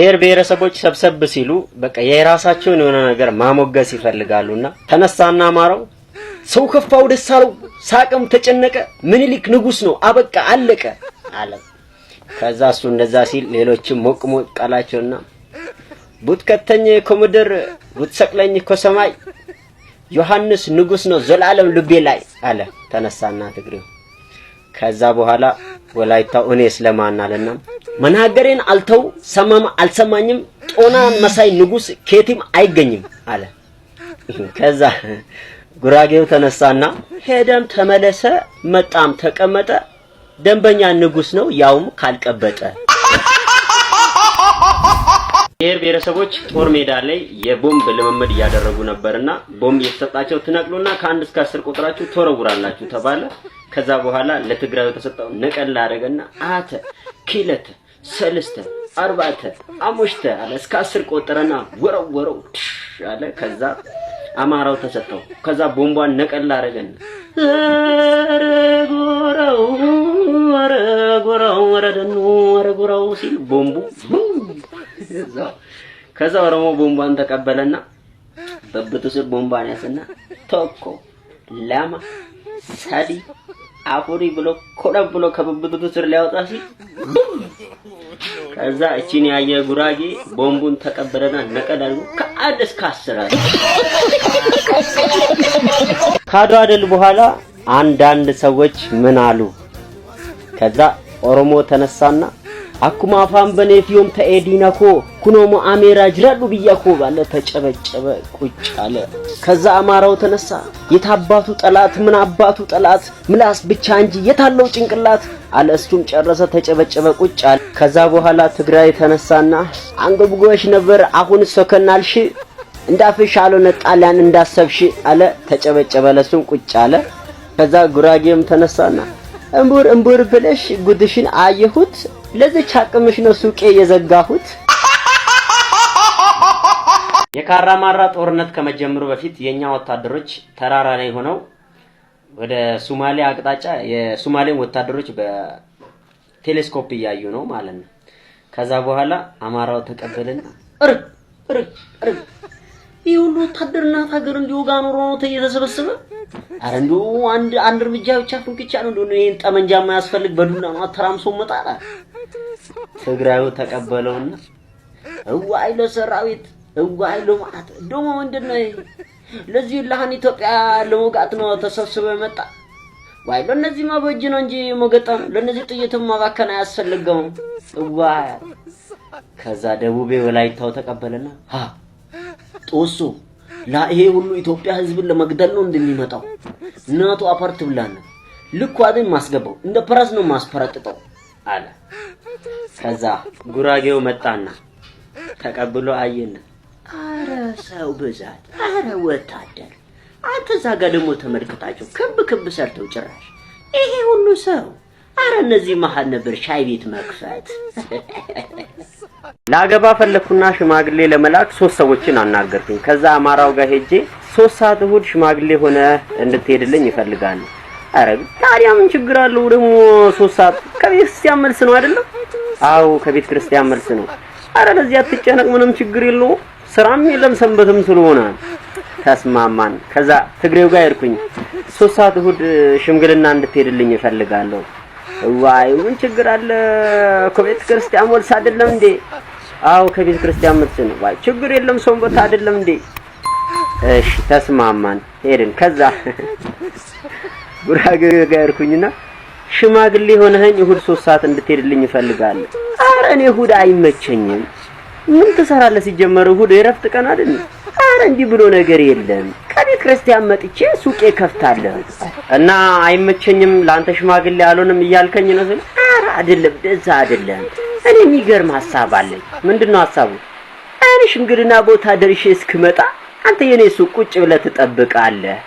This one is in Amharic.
ብሔር ብሔረሰቦች ሰብሰብ ሲሉ በቃ የራሳቸውን የሆነ ነገር ማሞገስ ይፈልጋሉና ተነሳና ማረው ሰው ከፋው ደስ አለው ሳቅም ተጨነቀ ምኒልክ ንጉስ ነው አበቃ አለቀ አለ። ከዛ እሱ እንደዛ ሲል ሌሎችም ሞቅ ሞቅ ቡት ከተኝ ከምድር ቡት ሰቅለኝ ከሰማይ ዮሐንስ ንጉስ ነው ዘላለም ልቤ ላይ አለ። ተነሳና ትግሬው ከዛ በኋላ ወላይታው እኔ ስለማናለና መናገሬን አልተው ሰማም አልሰማኝም። ጦና መሳይ ንጉስ ኬቲም አይገኝም አለ። ከዛ ጉራጌው ተነሳና ሄደም ተመለሰ፣ መጣም ተቀመጠ። ደንበኛ ንጉስ ነው ያውም ካልቀበጠ። ብሔር ብሔረሰቦች ጦር ሜዳ ላይ የቦምብ ልምምድ እያደረጉ ነበርና ቦምብ የተሰጣቸው ትነቅሉና ከአንድ እስከ አስር ቁጥራችሁ ተወረውራላችሁ ተባለ። ከዛ በኋላ ለትግራዩ ተሰጠው ነቀላ አደረገና አተ ኪለት ሰልስተ አርባተ አሙሽተ አለ። እስከ አስር ቆጠረና ወረወረው አለ። ከዛ አማራው ተሰጠው። ከዛ ቦምቧን ነቀል አረገን። ረጎራው ረጎራው ረደኑ ረጎራው ሲል ቦምቡ ከዛ ኦሮሞ ቦምቧን ተቀበለና በብቱ ስር ቦምቧን ያስና ቶኮ ላማ ሳዲ አፉሪ ብሎ ኮለብ ብሎ ከብብቱ ስር ሊያወጣ ሲል ከዛ እቺን ያየ ጉራጌ ቦምቡን ተቀበረና ነቀላሉ ከአንድ እስከ አስር አለ። ከአድዋ ድል በኋላ አንዳንድ ሰዎች ምን አሉ? ከዛ ኦሮሞ ተነሳና akkuma afaan baneefiyoom ta'eediina koo kunoo ጅራሉ ብያ ባለ ተጨበጨበ ቁጭ አለ። ከዛ አማራው ተነሳ። አባቱ ጠላት ምን አባቱ ጠላት ምላስ ብቻ እንጂ የታለው ጭንቅላት አለ። እሱም ጨረሰ ተጨበጨበ ቁጭ አለ። ከዛ በኋላ ትግራይ ተነሳና አንገብጉበሽ ነበር አሁን ሶከናልሽ እንዳፍሽ አልሆነ ጣሊያን እንዳሰብሽ አለ። ተጨበጨበ ለሱም ቁጭ አለ። ከዛ ጉራጌም ተነሳና እምቡር እምቡር ብለሽ ጉድሽን አየሁት ለዚች አቅምሽ ነው ሱቄ የዘጋሁት። የካራማራ ጦርነት ከመጀመሩ በፊት የኛ ወታደሮች ተራራ ላይ ሆነው ወደ ሱማሌ አቅጣጫ የሱማሌን ወታደሮች በቴሌስኮፕ እያዩ ነው ማለት ነው። ከዛ በኋላ አማራው ተቀበልን። እርግ እርግ እርግ ይህ ሁሉ ወታደር እናት ሀገር እንዲወጋ ኖሮ ነው እየተሰበሰበ። አረ እንዲሁ አንድ አንድ እርምጃ ብቻ ፍንክቻ ነው እንደሆነ ይሄን ጠመንጃ የማያስፈልግ በዱላ ነው አተራምሶ መጣላ ትግራዩ ተቀበለውና እዋይ ለሰራዊት እዋይ ልማት ደሞ ምንድን ለዚህ ለሃን ኢትዮጵያ ለሞጋት ነው ተሰብስበ መጣ ዋይ ለነዚህ ማበጅ ነው እንጂ ሞገጠም ለነዚህ ጥይት ማባከን አያስፈልገውም። እዋይ ከዛ ደቡቤ ወላይታው ተቀበለና ሀ ጦሱ ይሄ ሁሉ ኢትዮጵያ ህዝብን ለመግደል ነው እንደሚመጣው እናቱ አፓርት ብላና አይደል ማስገባው እንደ ፕረስ ነው ማስፈረጥጠው አለ። ከዛ ጉራጌው መጣና ተቀብሎ አየን። አረ ሰው ብዛት! አረ ወታደር! አንተ እዛ ጋ ደግሞ ተመልክታቸው ክብ ክብ ሰርተው ጭራሽ ይሄ ሁሉ ሰው! አረ እነዚህ መሀል ነበር ሻይ ቤት መክፈት። ለአገባ ፈለኩና ሽማግሌ ለመላክ ሶስት ሰዎችን አናገርኩኝ። ከዛ አማራው ጋር ሄጄ ሶስት ሰዓት እሁድ ሽማግሌ ሆነ እንድትሄድልኝ ይፈልጋሉ። አረ ታዲያ ምን ችግር አለው ደግሞ ሶስት ሰዓት ከቤተክርስቲያን መልስ ነው አይደለም አው ከቤተ ክርስቲያን መልስ ነው። አረ ለዚህ አትጨነቅ፣ ምንም ችግር የለው። ስራም የለም ሰንበትም ስለሆነ ተስማማን። ከዛ ትግሬው ጋር ሄድኩኝ። ሶስት ሰዓት እሁድ ሽምግልና እንድትሄድልኝ እፈልጋለሁ። ዋይ ምን ችግር አለ? ከቤተ ክርስቲያን ወልስ አይደለም እንዴ? አው ከቤተ ክርስቲያን መልስ ነው። ዋይ ችግር የለም ሰንበት አይደለም እንዴ? እሺ ተስማማን፣ ሄድን። ከዛ ጉራጌ ጋር ሄድኩኝና ሽማግሌ ሆነህኝ እሁድ ሶስት ሰዓት እንድትሄድልኝ እፈልጋለሁ። አረ እኔ እሁድ አይመቸኝም። ምን ትሰራለህ ሲጀመር እሁድ የረፍት ቀን አይደል? አረ እንዲህ ብሎ ነገር የለም። ከቤተ ክርስቲያን መጥቼ ሱቄ ከፍታለሁ እና አይመቸኝም፣ ለአንተ ሽማግሌ አልሆንም እያልከኝ ነው ስል አረ አይደለም፣ ደዛ አይደለም። እኔ የሚገርም ሀሳብ አለኝ። ምንድን ነው ሀሳቡ? እኔ ሽምግልና ቦታ ደርሼ እስክመጣ አንተ የእኔ ሱቅ ቁጭ ብለህ ትጠብቃለህ